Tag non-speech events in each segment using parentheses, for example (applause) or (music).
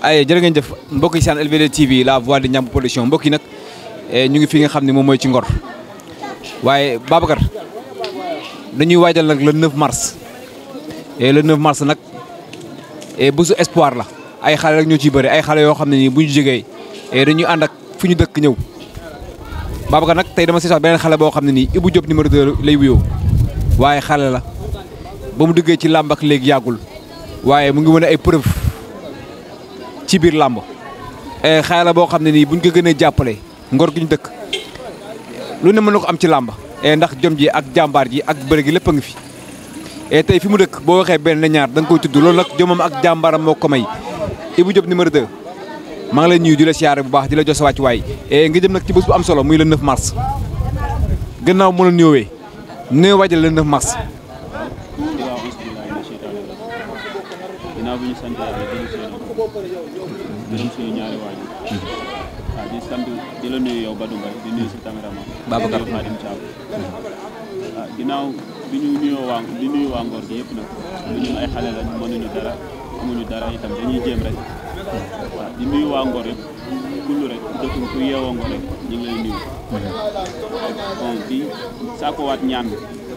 ay jërë ngeen jëf mbokk yi seen LVD TV la voix de Ndiamé Production mbokk yi nag eh, ñu ngi fi nga xam ne moom mooy ci Ngor waaye Babacar dañuy waajal nag le 9 mars et eh, le 9 mars nag eh, bésu espoir la ay xale rek ñoo ciy bëri ay xale yoo xam ne nii bu jógee dañuy ànd ak fu ñu dëkk ñëw Babacar nag tey dama seetaan beneen xale boo xam ne nii Ibou Diop numéro 2 lay wuyoo waaye xale la ba mu duggee ci làmb léegi yàggul waaye mu ngi wane ay preuve ci bir lamb euh la bo xamni ni buñ ko gënee jappalé ngor guñ dëkk lu ne mën ko am ci lamb euh ndax jom ji ak jambar ji ak bëre gi lepp nga fi euh tay fi mu dëkk boo waxee benn ñaar dang nga tuddu lool nak nag jomam ak jàmbaaram moo ko may ibu Diop numéro 2 ma nga lay nuyu di la siyaare bu baax di la jox sa wàcc waay eh, nga jëm nak ci bés bu am solo muy le 9 mars gënaaw mëna a nuyowee nuyoo waajal le 9 mars ginnaaw bi ñu gërëm suñu ñaari waajur di sant di la nuyu yow Badou Mbaye di nuyu si caméraman Babacar Khadim Thiam waaw ah, ginnaaw bi ñu nuyoo waa di nuyu waa Ngor gi yëpp nag lu ñun ay xale la ñu dara amuñu dara itam dañuy jéem rek waaw ah, di nuyu waa Ngor yëpp kullu rek dëkk ku yeewoo Ngor rek ñu ngi lay hmm. ñaan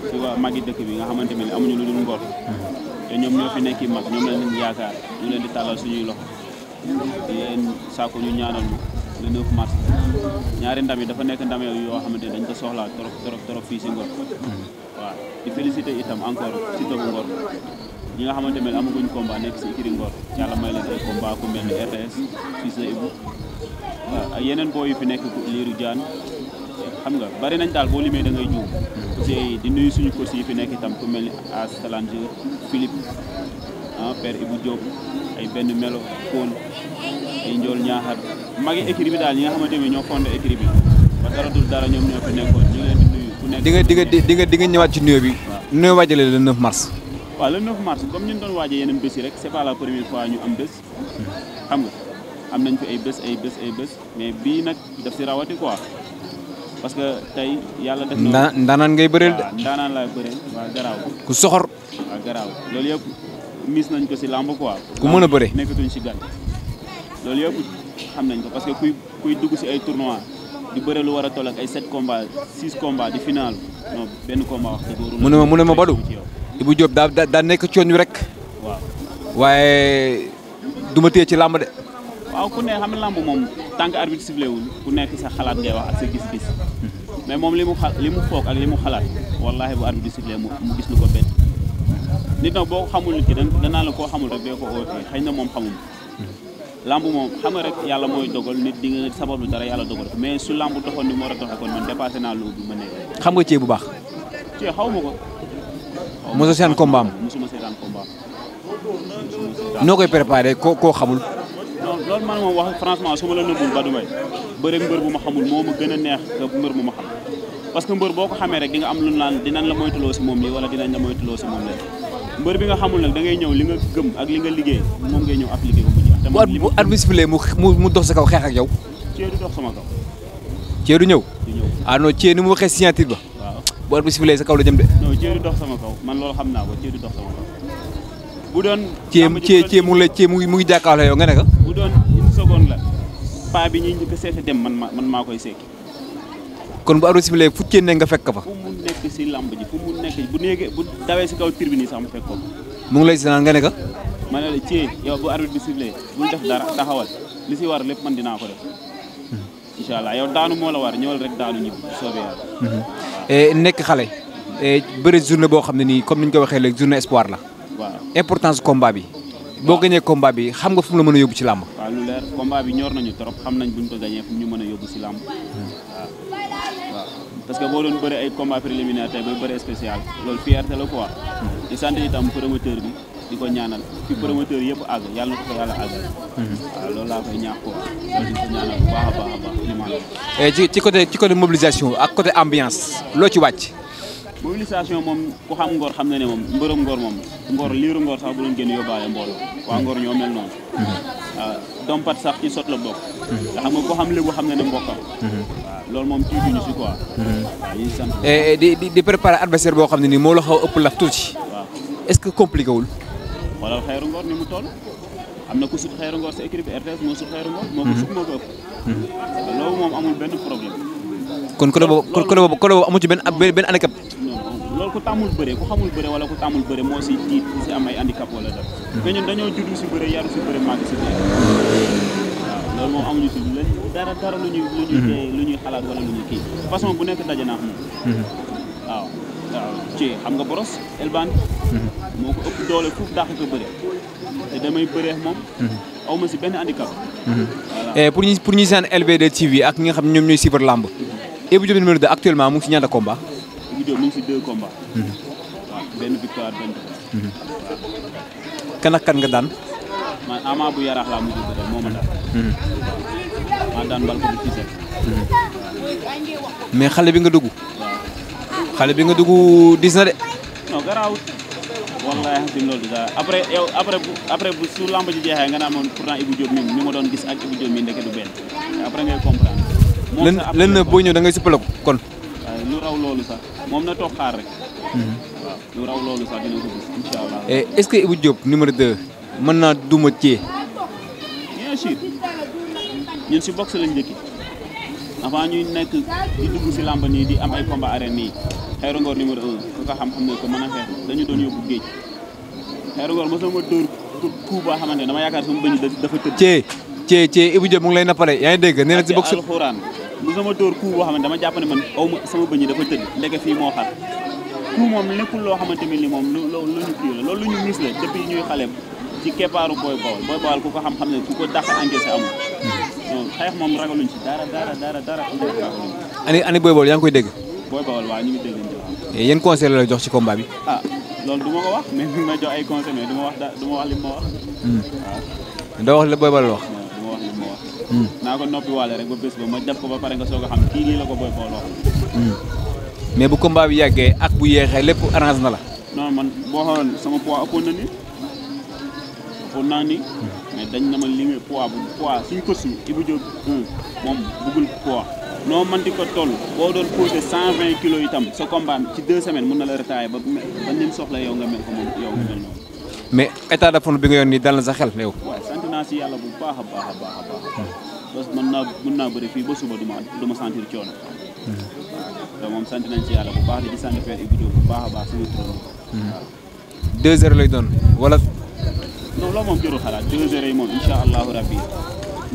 si waa dëkk bi nga xamante ne amuñu lu dul Ngor hmm. te ñoom ñoo fi nekki mag ñoom lañ yaakaar ñu leen di tàllal suñuy loxo di sàkku ñu ñaanal le 9 mars ñaari ndam yi dafa nekk ndam yoo iya, xamante dañ ko soxlaa trop trop trop fii si ngor waaw di félicité itam encore si bu ngor ñi nga xamante ne amaguñ combat nekk si ikiri ngor yàlla may leen ay combat ku mel ni RTS fils de Ibou waaw iya, ak yeneen yu fi nekk liiru jaan xam nga bari nañ daal boo limee da ngay juum te di nuyu suñu coach yi fi nekk itam ku mel As Salam Philippe per ah, père Ibou Diop ay benn melo koon ay njool ñaaxar magi écrit bi daal ñi nga xamante ni fondé écrit bi ba dara dul dara ñoom ñoo fi ñu leen di nuyu ku nekk di nga di nga di nga di nga ñëwaat ci nuyoo bi le 9 mars waaw le 9 mars comme ñun doon waajee yeneen bés rek c'est pas la première fois ñu am bés xam nga am nañ fi ay bés ay bés ay bés mais bii nag daf si rawati quoi parce que def na ngay ku soxor mis nañ ko ci lamb quoi. ku mëna bëré bëre nekkatuñ si gan loolu yëpp xam nañ ko parce que kuy kuy dugg ci ay tournoi di bëré lu wara tolak ay 7 combats 6 combats di final non benn combat wax ci dooru mëna mëna ma badu ibu job da da nek daa daa rek. waaw waaye duma ma ci lamb de. waaw ku ne xam na lamb mom tank arbitre civilé wul ku nekk sa xalaat ngay wax ak sa gis-gis hmm. mais mom limu limu fokk ak limu xalaat wallahi bu arbitre civilé mu gis lu ko bett. nit nag boo ko xamul nit ki danaa la koo xamul rek dee ko na moom xamul lamb moom xam nga rek yàlla mooy dogal nit di nga sabablu dara yàlla dogal mais su lamb doxoon ni moo war a doxee kon man dépassé naa loolu ma ne xam nga cee bu baax cee xaw ma ko moso seetaan combat am mosuma seetaan combat am noo koy préparé ko koo xamul non loolu man moom wax franchement su ma la nëbbul ba du may bëre mbër bu ma xamul moo ma gën a neex que mbër bu ma xam parce que mbër boo ko xamee rek di nga am lu naan dinañ la moytuloo si moom lii wala dinañ la moytuloo si moom mbër bi nga xamul nag da ngay ñëw li nga gëm ak li nga liggéey moom ngay ñëw appliqué ko bu jeex. bu at mu mu dox sa kaw xeex ak yow. cee du dox sama kaw. cee du ñëw. du ñëw ah non ba. waaw bu sa kaw la jëm de. non du dox sama kaw man loolu xam naa ko cee du dox sama kaw. bu doon. cee cee cee mu ngi lay mu ngi mu ngi jàkkaarloo nga ne bu doon une seconde la paa bi ñu njëkk a seeti dem man maa man maa koy sekki. kon bu at bi fu cee ne nga fekk fa. nekk si làmb ji fu mu nekk bu néegee bu dawee si kaw tribune yi sax mu fekk ko. mu ngi lay si naan nga ne ka. ma ne la ci yow bu arbitre bi sifflé bul def dara taxawal li si war lépp man dinaa ko def. Hmm. incha allah yow daanu moo la war ñëwal rek daanu ñibbi soobee yàlla. Hmm. Eh, nekk xale. Eh, bëri journée boo xam ne nii comme ni ñu ko waxee léegi journée espoir la. waaw importance combat bi. boo gañee combat bi xam nga fu la mën a yóbbu ci làmb. waaw lu bi ñor nañu trop xam nañ buñ ko gañee ñu mën yóbbu si làmb. Hmm. parce que boo doon bëri ay combat préliminaire tey booy loolu fierté la quoi di sant itam promoteur bi di ko ñaanal fi promoteur yëpp àgg yàlla na ko ko yàlla mhm. loolu laa koy ñaax quoi eh, ci ci côté ci côté mobilisation ak côté ambiance loo ci wàcc mobilisation moom ku xam ngor xam na ne moom mbërëm ngor moom ngor liiru ngor sax bu doon génn yóbbaale mbooloo waa ngor ñoo mel noonu mhm. waaw euh, dompat sax ci sot la bokk. Mhm. nga xam nga ko xam léegi xam na ne mbokkam. Mhm. waaw loolu moom tiituñu si mhm. eh, eh, di di di préparer adversaire boo xam ne nii moo la xaw a ëpp laf tuuti. waaw est-ce que compliqué wul. xoolal xeeru ni mu tool am na ku sut xeeru ngoor sa moo sut xeeru ngoor. moo ko sut moo ko ëpp. loolu moom amul benn problème. kon côté boobu kon côté boobu amu ci benn benn ku tamul beure ku xamul beure wala ku tamul beure mo ci tiit ci am ay handicap wala da mhm. mais ñun juddu si beure yaru ci beure mag ci bëre waaw mo amuñu si lañ dara dara lu ñuy lu ñuy mhm. lu ñuy xalaat wala lu ñuy kii façon bu nekk daje naa moom waaw ci xam nga boros elban mhm. moko upp doole fuf dakh ko beure te damay beure mom awma ci ben handicap handicap eh, pour ñi pour ñi seen lvd TV ak ñi nga xam ñoom ñooy suivre lamb Ibou Diop numéro actuellement mu ci ñanda combat vidéo Diop ngi ci deux combats waaw ben victoire ben benn kan ak kan nga dan man ama bu yarax la mujj bëre moma ma hmm man dan bal ko du tiset eh. mais mhm. xalé bi nga dugg xalé ya. bi nga dugg dis na de non garaawut wallahi xasim loolu da après yow après après bu su lamb ji jeexee eh, nga na moom pourtant Ibou Diop min ni ma don gis ak Ibou Diop min ndeke du ben après ngay comprendre len len boy ñew da ngay suppalako kon loolu sax moom mhm. eh, est-ce que numéro 2 bien sûr ñun si box lañ njëkki avant ñuy nekk di dugg si làmb di am ay combat arène nii Xeeru Ngor numéro 1 ku ko xam-xam ne ko mën a dañu doon yóbbu géej Xeeru Ngor mosuma dóor ku boo xamante dama yaakaar sama bëñ dafa tëdd. cee cee cee Ibou mu ngi lay dégg si boxe mu sama dóor coup boo xam ne dama jàpp ne man aw ma sama bëñ dafa tëdd ndeke fii moo xar coup moom nekkul loo xamante lu lu ñu kii la loolu ñu mis la depuis ñuy xale ci keppaaru booy bawal booy bawal ku ko xam-xam ne ku ko dàq encaissé amul non xeex moom ragaluñ ci dara dara dara dara ani ani booy bawal yaa ngi koy dégg booy bawal waaw ñu ngi dégg yéen conseil la jox ci combat bi ah loolu du ma ko wax mais (laughs) mi jox ay conseil mais ma wax da du ma wax li ma wax hmm. waaw Mm. naa ko noppi waale rek ba bés ba ma def ko ba pare nga soog a xam kii lii la ko Boy Paul wax. mais bu combat bu yàggee ak bu yéexee lépp arrange na la. non man boo xoolee sama poids ëppoon na ni ëppoon naa ni. Mm. mais dañ na ma li nga poids bu poids suñ ko suñ Ibou Diop mm, moom bëggul poids. noo man di ko toll boo doon posé cent vingt kilos itam sa combat ci deux semaine mun na la retailler ba ba nim soxla yow nga mel ko moom noonu. mais état de bi nga yoon nii dal sa xel yow. si yàlla bu baax a baax a baax a baax parce que mën naa mën naa bëri fii ba suba duma duma sentir coono hmm. waaw te moom sant nañ ci yàlla bu baax di ci sant Père Ibou bu baax a baax suñu turam waaw hmm. deux heures lay doon wala non loolu moom jërul xalaat deux heures yi moom insha allahu rabbi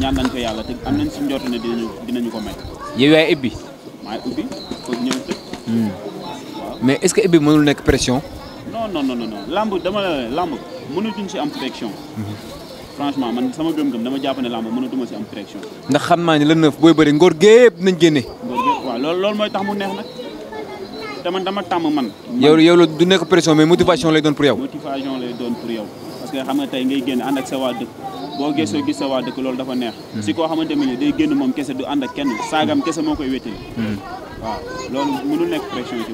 ñaan nañ ko yàlla te am nañ si njort ne dinañu dinañu ko may yow yaay ubbi maay ubbi foog ñëw tëj hmm. mais est-ce que ubbi mënul nekk pression non non non non dama la lamb mënutuñ si am pression franchement man sama gëm-gëm dama jàpp ne làmb mënatuma si am pression. ndax xam naa ne le neuf booy bëri ngóor gépp nañ génne. waaw loolu mooy tax mu neex nag te man dama tàmm man. yow yow du nekk pression mais motivation lay doon pour yow. parce que xam nga tey ngay génn ànd ak sa waa dëkk boo gëstoo gis sa waa dëkk loolu dafa neex. Hmm. si koo xamante ne day génn moom kese du ànd ak kenn saagam hmm. kese moo koy wéttali. Hmm. loolu mënul nekk pression ci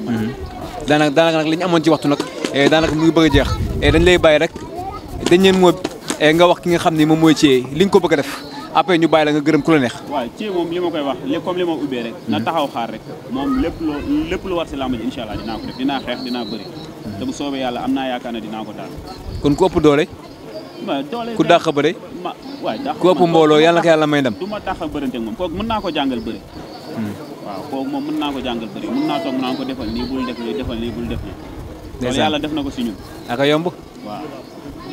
eh, a e nga wax ki nga xamni ne moy ci li nga ko bëgg def après ñu bayila nga gëreem ku la neex waaw ci mom li ma koy wax li comme li ma ubbé rek na mhm. taxaw xaar rek mom lepp lo lepp lu war ci lamb ji insha allah ko def dina xex dina bëri te bu soobé yalla amna naa yaakaar ne ko daal kon ko upp doole doole ku dàq bëre ko upp mbolo yalla ko yalla may ndam duma taxa dàq mom moom kooku mën naa ko jàngal bëre hmm. waaw kooku mom mën naa ko jàngal bëre mën naa toog mën naa ko defal ni bul def lii defal nii bul def lii loolu yàlla def na ko si ñun ak yomb waaw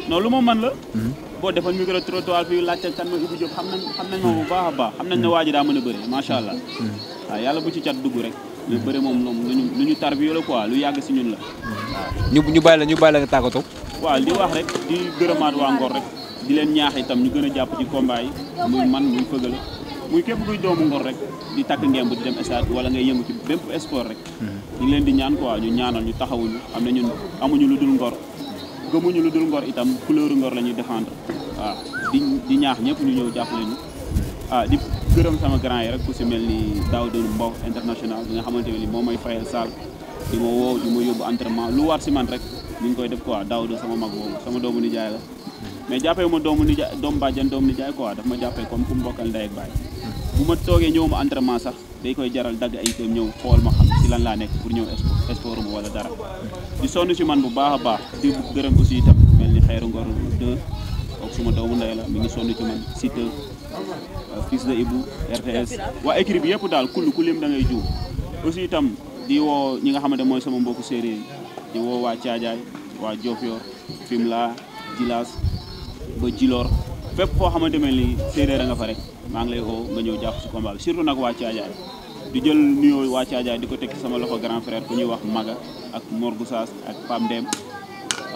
non lu moom man la hmm. boo defoon micro trottoir fi laajte kan mooy Ibou Diop xam nañ xam nañ ma bu baax a baax xam nañ ne waa ji daa mën a bëri macha allah hmm. waaw yàlla bu ci cat dugg rek lu bëri moom moom lu ñu tarbiyo la quoi lu yàgg si ñun la waaw ñu bàyyi la ñu bàyyi la nga tàggatoo waaw di wax rek di gërëmaat waa Ngor rek di leen ñaax itam ñu gën a ci combat yi muy man muy fëgale muy képp kuy doomu Ngor rek di takk ngemb di dem stade wala ngay yëngu ci bépp sport rek hmm. ñu ngi di ñaan quoi ñu ñaanal ñu taxawuñu am na ñun amuñu lu dul Ngor gëmuñu lu dul ngor itam couleur ngor lañuy défendre waaw di di ñaax ñepp ñu ñëw japp leen ah di gëreum sama grand yi rek ku ci melni Daoud daaw mbow international bi nga xamanteni ni momay fayal sal di mo wo di mo yóbbu entraînement lu war ci man rek ñu ngi koy def quoi Daoud sama mag boobu sama doomu ni jaay la mais jappé mo doomu ni doomu bàjjan doomu ni jay quoi e daf ma jàppee comme ku mu nday ak bay bu ma togué ñew ma entraînement sax day koy jaral dag ay dem ñew xol ma xam ci lan la nek pour ñew sport wala dara di sonu ci man bu baaxa baax di gëreem aussi tam melni xéru ngor 2 ok suma doomu nday la mi ngi sonu ci man site euh, fils de Ibou RTS wa équipe yépp dal kulim danga ku lim da ngay juu aussi tam di wo ñi nga xamante moy sama mbokk séeréer di wo waa wa jofior Diofior Fimela ba jilor fep fo xamante mel ni séeréer nga fa rek ma ngi lay ko nga ñew ci combat surtout di jël nuyo wa Thiadiaye di sama loxo grand frère ku ñuy wax Maga ak morgu sas ak Pam Dem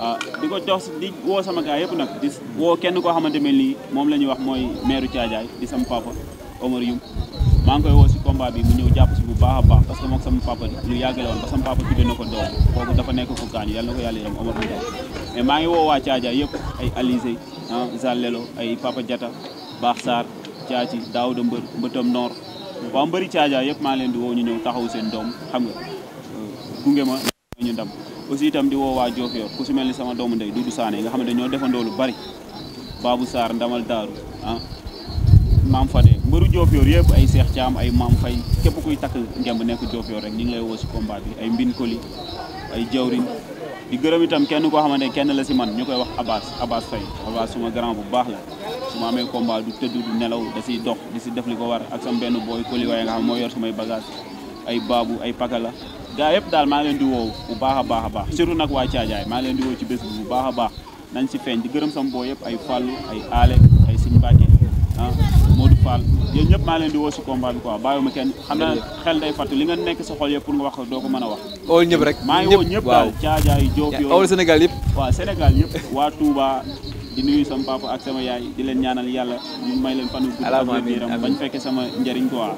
ah di jox di wo sama gaay yëpp nak di wo kenn ko xamante mel ni moom la wax moy maire di sama papa Omar Youm ma ngi koy wo ci combat bi mu ñew japp ci bu baax baax parce que moom sama papa ñu yàggale won ba sama papa tuddee na ko doom kooku dafa nekk gaani yalla nako yalla Omar mais ma ngi ay Alizé ah Isa Lelo ay Papa jata Baax Sarr Caaci Daouda Mbër Mbëtam Noor waaw mbëri Caaja yëpp maa leen di woo ñu ñëw taxaw seen doom xam nga euh, gunge ma ñu ndam aussi itam di woo waa Diofior ku si mel ni sama doomu ndey Doudou yi nga xam ne dañoo defandoo lu bari Babou saar Ndamal Daaru ah maam Fade mbëru Diofior yëpp ay Seex Caam ay maam Fay képp kuy takk ngemb nekk Diofior rek ñu ngi lay woo si combat bi ay Mbin Koli ay Jawrin di gërëm itam kenn koo xamante ne kenn la si man ñu koy wax Abbas Abbas Faye Abbas suma grand bu baax la su ma amee combat du tëdd du nelaw da siy dox di si def li ko war ak sam benn booy koli waaye nga xam moo yor sumay bagage ay baabu ay la gaa yëpp daal maa leen di woow bu baax a baax a baax surtout nag waa Caajaay maa leen di woow ci bés bi bu baax a baax nañ si feeñ di gërëm sam boo yëpp ay fàllu ay aale ay siñ Fall yéen ñëpp maa leen di woo si combat bi quoi bàyyiwuma kenn xam na ah. xel day fàttu li nga nekk sa xol yëpp pour nga wax doo ko mën a wax oo ñëpp rek maa ngi woo ñëpp daal caajaay Diop yooyu Sénégal yëpp waaw Sénégal yëpp waa Touba di nuyu sama papa ak sama yaay di leen ñaanal yàlla may leen fanu guddam bañ fekke sama njëriñ quoi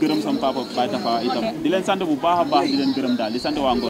gërëm sama papa Baye Tafa itam di leen sant bu baax a baax di leen gërëm daal di sant waa Ngor